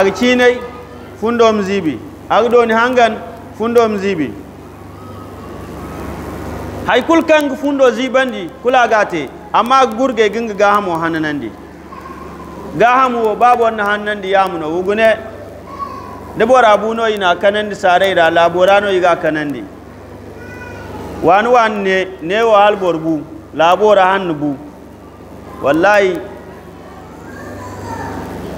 arcinai fundom zibi ardoni hangan fundom zibi hay kul kang fundo zibandi kula gate amma gurge ginga gahamo hananandi gahamo babu babo na ya yamuno wugune de bora buno ina kanandi sare da laborano iga kanandi wani wani ne ne wa albor labora hannu wallahi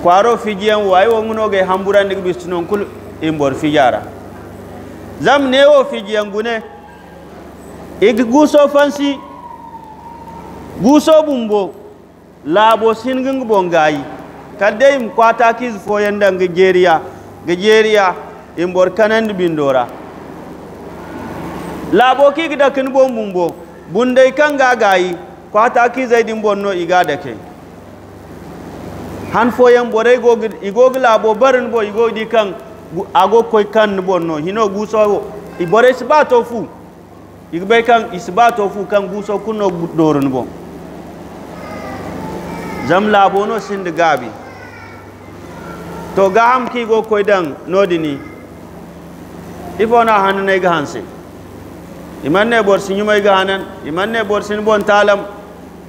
kwaro fijiyan wayi wo ngunoge hamburandig bistunon kul imbor fijara zam newo fijiyan gune ig guso fansi guso bumbo labo singing bo ngayi kadde im kwata kiz foyenda ngejeriya ngejeriya imbor kanand bindora ki gida kin bo bumbo bunday kanga kwata kwata kizay bonno igada ke. han foyan bore igogi labo barin bo igodi kan ago koy kan no hino guso ibore sibato fu igbe kan isibato fu kan guso kuno doron bo zam labo no sind gabi to ga ham ki go koy dan nodini ifona ne ga hanse ne bor mai ga hanan ne bor sin bon talam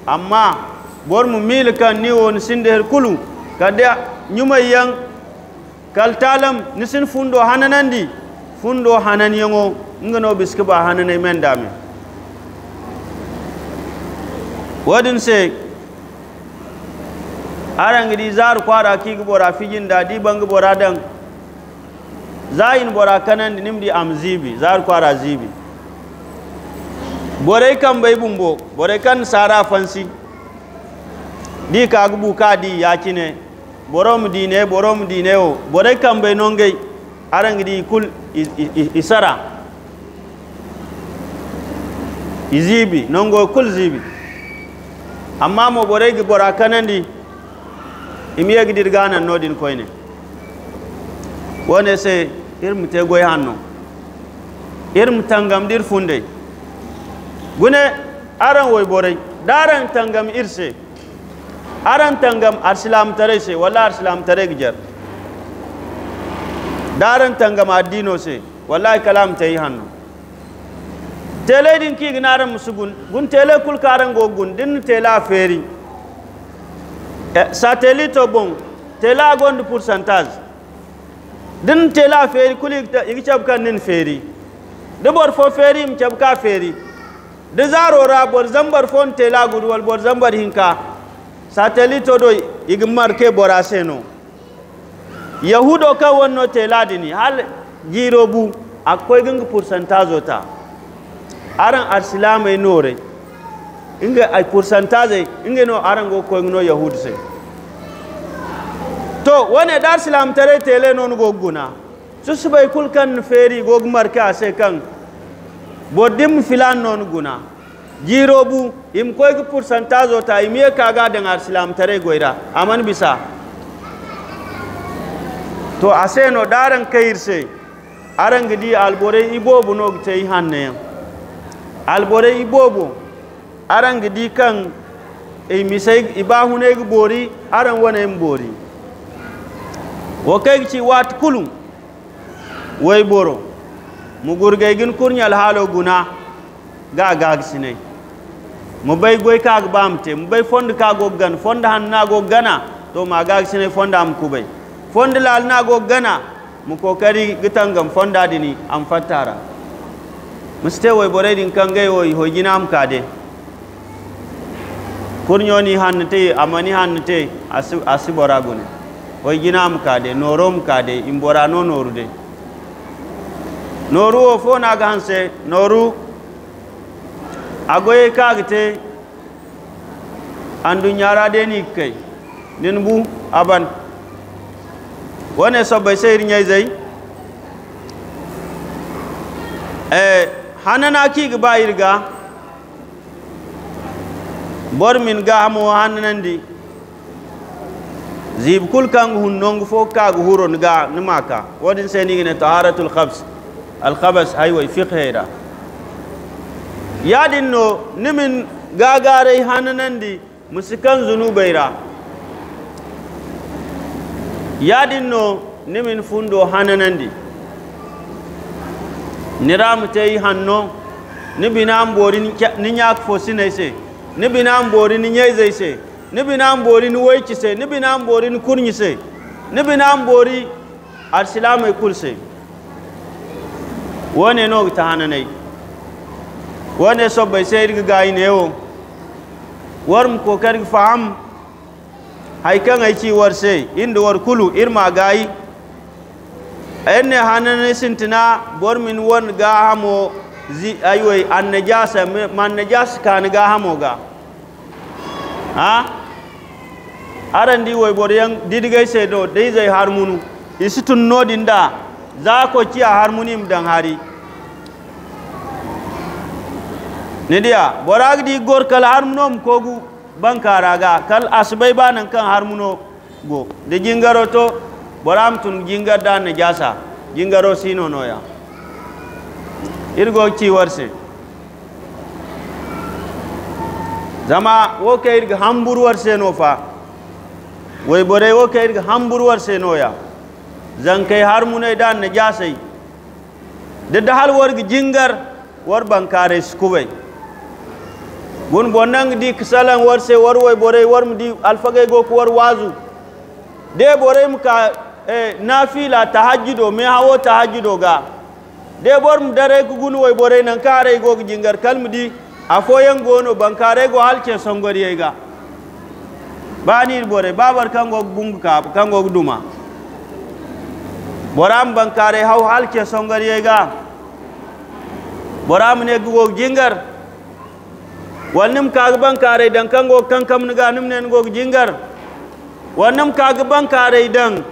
amma bor mu mil kan ni won sind her kulu kada ñumayyan kaltalam nisin fundo hananandi fundo yango ngano biskiba hananay men dame wadin se arangidi zar kwara ki bora fijinda di bangi bora dan zayin bora kanan nimdi am zibi zar kwara zibi bore kan bai bumbo bore kan sara fansi di ka di yakine borom dine borom dine o bore kambe arang di kul isara izibi nongo kul zibi amma mo bore gi bora kanandi imiye dir gana nodin koyne wone se irm te goy hanno irm tangam dir funde gune arang woy bore darang tangam irse aran tangam arsilam tare se wala arsilam tare gijar daran tangam addino se wala e kalam tayi hannu tele din ki gnaran musugun gun tele kul karan go gun din tele feri e, satellite bon tele gond pourcentage din tela feri kul igi chabkan nin feri dubor fo feri im chabka feri de zaro ra bor zambar fon tela wal bor zambar hinka satellite do igmar ke boraseno yahudo ka wonno te ladini hal jirobu akoy gung pourcentage ta aran arsilama e nore inga ay pourcentage inga no aran go ko no yahud se to wone dar silam tare tele non go guna su kul kulkan feri go gmar ka se kan bodim filan non guna jirobu im koy ki pourcentage o ta imiye kaga dangar silam tare goyra aman bisa to aseno daran se arang di albore ibobu no gite hanne albore ibobu arang di kan e misai ibahune gbori aran wana bori wo kay ci wat kulum way boro gay gin kurnyal halo guna ga gag sinai mu bai bay ka ga bamte bai bay fond go gan fond han go gana to ma shi ne fonda am ku bai fond lal go gana mu kokari gitangam fonda dini am fatara. fattara muste woy boray din kangay ho gina am kade han te amani asu asu bora gune hoy ginam kade norom de imbora no de. noru o fo na naga hanse noru agoye kagte andu nyarade ni kai ninbu aban wane sobe seyir nyezey e hanana kigi bayirga bor min ga hamo hananandi zib kul kangu hunnongu fo kagu huron ga sai ni senigine taharatul khabs al khabas haywa da. no nimin gagarai di musikan zunubaira no nimin fundo hananandi yi hanno ni binan bori ni fosi fosinai se ni binan bori ni nyezai se ni binan bori ni waiki se ni binan bori ni kunyi se ni binan bori arsilamai kul wane wone no ta hananai wane sobbay seyriga gaynewo warm ko karga faham hay kan haikan ci war sai inda war kulu irma gayi a enne hanane sintina bormin wani ga hamo zi aywoy an na man ka ni ga hamo ga ha wai woy yan didigai sai do dey zay harmunu nodin nodinda za ko ci a harmunim dan hari nidiya borag di gor kal harmunom kogu bankaraga kal asbay banan kan harmuno go de jingaro to boram tun jingar da jasa jingaro sino ya irgo ci warse zama wo ke irga hambur warse no fa way bore wo ke irga hambur warse no ya zan kai harmuno da najasai da dahal warga jingar war bankare skubay gun bonang di kisalan war se war way bore war mu di alfage go ko war wazu de bore mu ka eh, nafila tahajjudo me hawo tahajjudo ga de bor mu dare ku gun way bore nan kare go jingar kalmu di afoyen gono bankare go halke songori ga bani bore babar go bungu ka go duma boram bankare haw halke songori ga boram ne go jingar Wannan kaga kare dan go kan kam niga num ne go jingar wannum kaga kare dan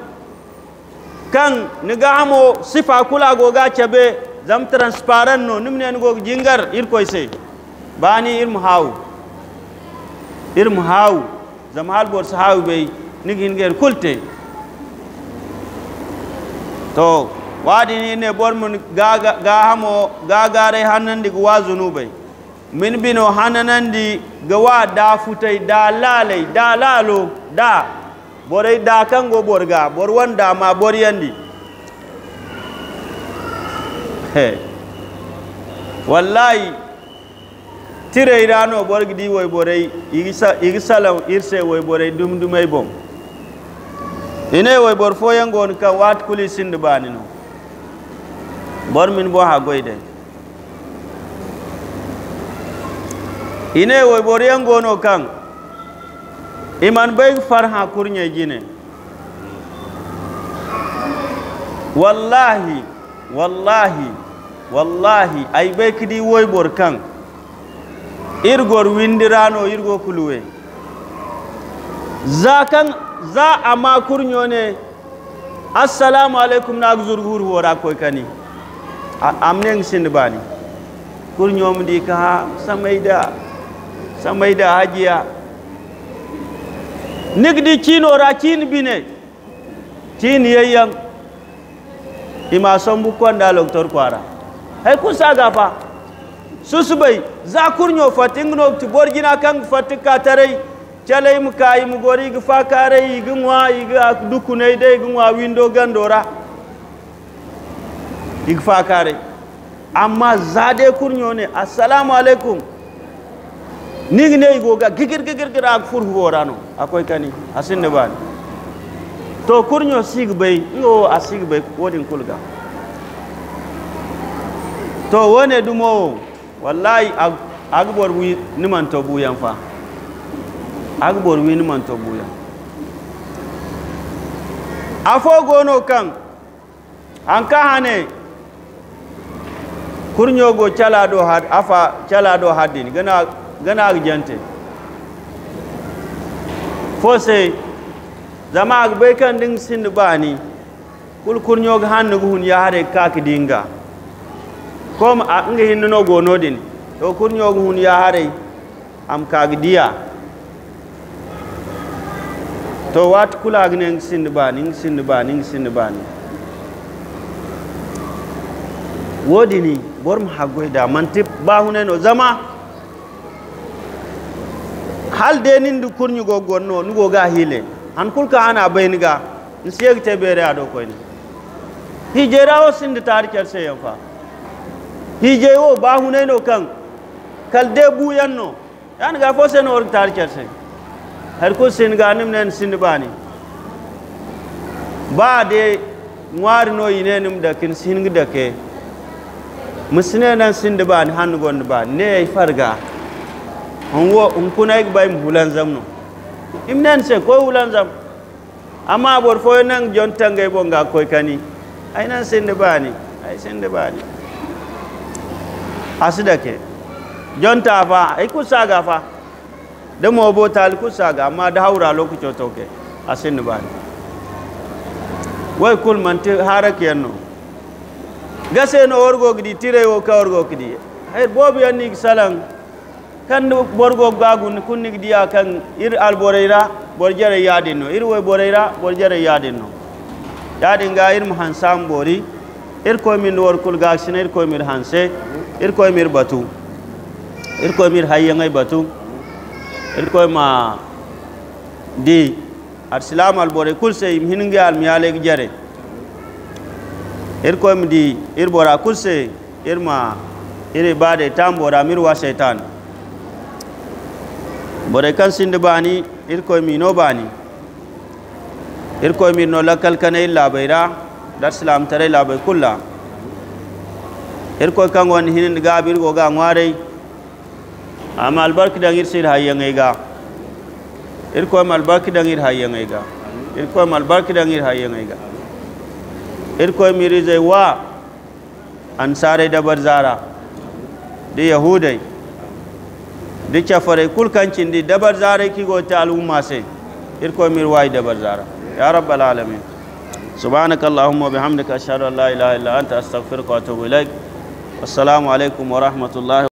kan niga hamo sifa kula go ga chebe zam transparent no num ne go jingar irkoy se bani ir hawu ir hawu zam hal bor sahaw be nigin ger kulte to wadi ne bor mun ga hamo gagare hannandigo wazunu bai. min bino hananandi gawa da futai da lalai da lalo da borai da kango borga borwan da ma boryandi hey. wallahi tire irano borgdi woy borai igisalam irse wai borai dumdumay bom ine woy bor foyangon ka wat kuli sindbani no bor min bo ha goyde ine wo boriyan gono kan iman bai farha kurnye gine wallahi wallahi wallahi ai bai kidi bor kan irgor windirano irgo kuluwe za kan za ama kurnyo ne assalamu alaikum na zurgur wora koy kani amnen sin bani kurnyo mdi ka samaida samai da hajiya nigdi kino rakin bine tin yayyan ima son bukwan da loktor kwara hai kun sa gafa su su bai za kurnyo fatin no tibor gina kan fatika tarai chalai mu kai mu gori fa kare iginwa duku dukunai dai iginwa window gandora fa kare amma zade kurnyo ne assalamu alaikum nigi ne igoga gigir gigir gira ag fur horano akoy kani asinne ban to kurnyo sig bay ngo asig bay wodin kulga to wone dumo wallahi agbor wi niman to buyan fa agbor wi niman to buyan afo gono kan an hane kurnyo go chala do had afa chala do hadin gana gana argente fose zama agbe kan din sin bani kul kurnyo ga hannu hun ya hare ka ki dinga kom a ngi hin no go din to kun ga hun ya hare am ka diya to wat kula ga ne sin bani sin bani sin bani wodini bor ma hagoy da mantip bahune no zama hal de nin du kurnyu go gonno nugo ga hile an kulka ana bayniga nsiyeg te bere ado koyni hijerawo sindi tari kerse yen fa o ba n'o kan kalde buyanno yani ga fo sen org tari kerse har ko sin ga nim nen sindi bani ba de ngwari no yine nim da kin sin da ke musne nan sindi bani han gond ba ne farga unwo unkuna ik bay hulan zamno imnan se ko hulan zam amma bor fo nan jonta ngay bo nga koy kani ay nan de bani ay de bani asida ke jonta fa ay ku saga fa da mo bo tal ku saga amma da haura lokaci to ke asin bani wai kul man te harake yanno gase no orgo gidi tire wo ka orgo gidi ay bobu anni salan kan borgo gagun kunni diya kan ir alboreira borjere yadinno ir wo boreira borjere yadinno yadin ga ir mahansam bori ir ko min wor kul gaksina ir ko mir hanse ir ko mir batu ir ko mir ngai batu ir ko ma di arsilam albore kul se im hinngi al miyale jere ir ko mi di ir bora kul se ir ma ir ibade tambora mir wa shaytan bore kan sindi bani irko mino bani irkoy mirno lakkal kanay labayra dar silam tare labay kulla irko kan won hinin ga bir go ga ngware amma albarki dan ir sir hayyangay ga irkoy albarki dan ir hayyangay ga irkoy albarki dan ir hayyangay ga irko miri zai wa ansare da barzara da yahudai de cafare kul kancindi dabar zare kigo ta al'umma sai irko mir wai dabar zara ya rabbal alamin subhanaka allahumma bihamdika ashhadu an la ilaha illa anta wa atubu